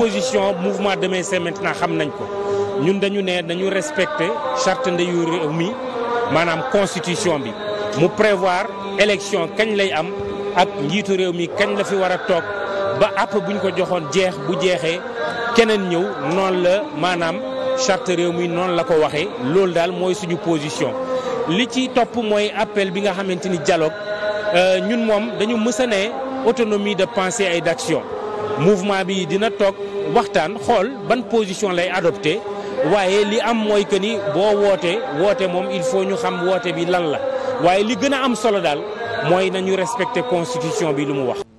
position mouvement Demain c'est maintenant xam nañ ko ñun dañu ne dañu respecter charte ndeyu réew mi maanaam constitution bi mu prévoir élection kañ lay am ak njiitu réew mi kañ la fi war a toog ba àpp buñ ko joxoon jeex bu jeexee keneen ñëw noonu la maanaam charte réew mi noonu la ko waxee loolu daal mooy suñu position li ci topp mooy appel bi nga xamante ni dialogue euh, ñun moom dañu mës ne autonomie de pensée et d'action mouvement bi dina toog waxtaan xool ban position lay adopté waaye li am mooy que ni boo wootee woote moom il faut ñu xam woote bi lan la waaye li gën a am solo daal mooy nañu respecté constitution bi lu mu wax.